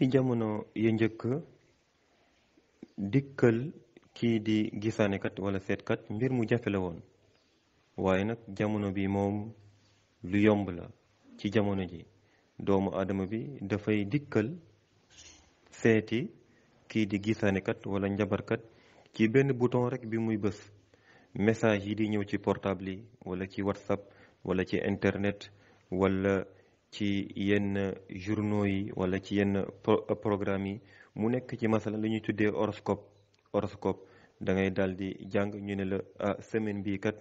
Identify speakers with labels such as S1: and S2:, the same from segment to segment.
S1: ci jamono ya njëkk dikkal kii di gisaanekat wala seetkat mbir mu jafe la woon waaye nag jamono bi moom lu yomb la ci jamono ji doomu aadama bi dafay dikkal seeti kii di gisaanekat wala njabarkat ci benn bouton rek bi muy bés message yi di ñëw ci portable yi wala ci whatsapp wala ci internet wala ci yenn journaux yi wala ci yenn programme yi mu nekk ci masala li ñuy tuddee horoscope horoscope da ngay dal di jàng ñu ne la ah semaine bii kat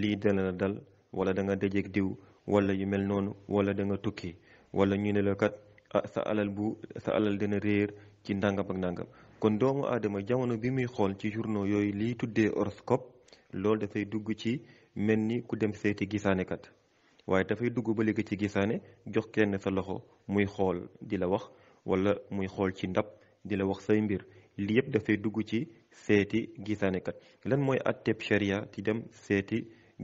S1: lii dana la dal wala da nga dajeeg diw wala yu mel noonu wala da nga tukki wala ñu ne la kat ah sa alal bu sa alal dana réer ci ndàngam ak ndàngam kon doomu aadama jamono bi muy xool ci journaux yooyu liy tuddee horoscope loolu dafay dugg ci mel ni ku dem seeti gisaanekat waaye dafay dugg ba léegi ci gisaane jox kenn sa loxo muy xool di la wax walla muy xool ci ndab di la wax say mbir lii yëpp dafay dugg ci seeti gisaanekat lan mooy atteb sharia ci dem seeti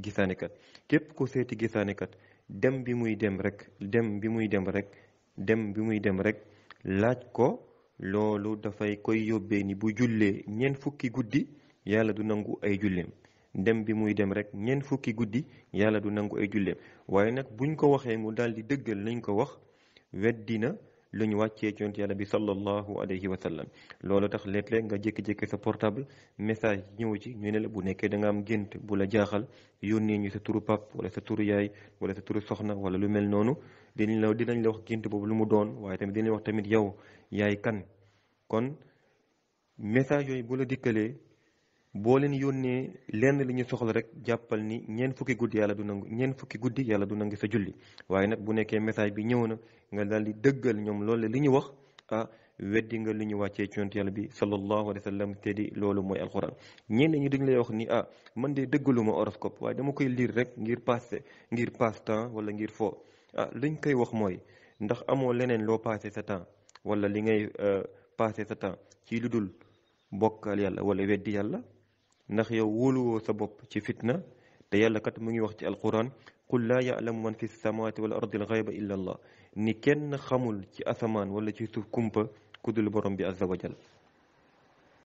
S1: gisaanekat képp ku seeti gisaanekat dem bi muy dem rek dem bi muy dem rek dem bi muy dem rek laaj ko loolu dafay koy yóbbee ni bu jullee ñeent fukki guddi yàlla du nangu ay julleem dem bi muy dem rek ñeent fukki guddi yàlla du nangu ay julleem waaye nag buñ ko waxee mu daal di dëggal lañ ko wax weddina lu ñu wàccee ci yonent yàlla bi sallallahu alayhi wa sallam loolu tax léeg-léeg nga jékki-jékki sa portable message ñëw ci ñu ne la bu nekkee da nga am gént bu la jaaxal yónnee ñu sa turu pap wala sa turu yaay wala sa turu soxna wala lu mel noonu dinañ la dinañ la wax gént boobu lu mu doon waaye tamit dinañ wax tamit yow yaay kan kon message yooyu bu boo leen yónnee lenn li ñu soxla rek jàppal ni ñeent fukki guddi yàlla du nangu ñeent fukki guddi yàlla du nangu sa julli waaye nag bu nekkee message bi ñëw na nga daal di dëggal ñoom loolu li ñu wax ah weddi nga li ñu wàccee ci yonent yàlla bi sallallahu alayhi wa sallam te di loolu mooy alxuraan ñenn ñi dañ lay wax ni ah man de dëggaluma horoscope waaye dama koy lire rek ngir passé ngir passe wala ngir foo ah liñ koy wax mooy ndax amoo leneen loo passé sa temps wala li ngay euh, passé sa temps ci lu dul bokkal yàlla wala weddi yàlla ndax yow wóoluwoo sa bopp ci fitna te yàlla kat mu ngi wax ci alquran qul laa yaalamu man fi samawati wal ardi alxayba illa allah ni kenn xamul ci asamaan wala ci suuf kumpa ku dul borom bi azza wa jal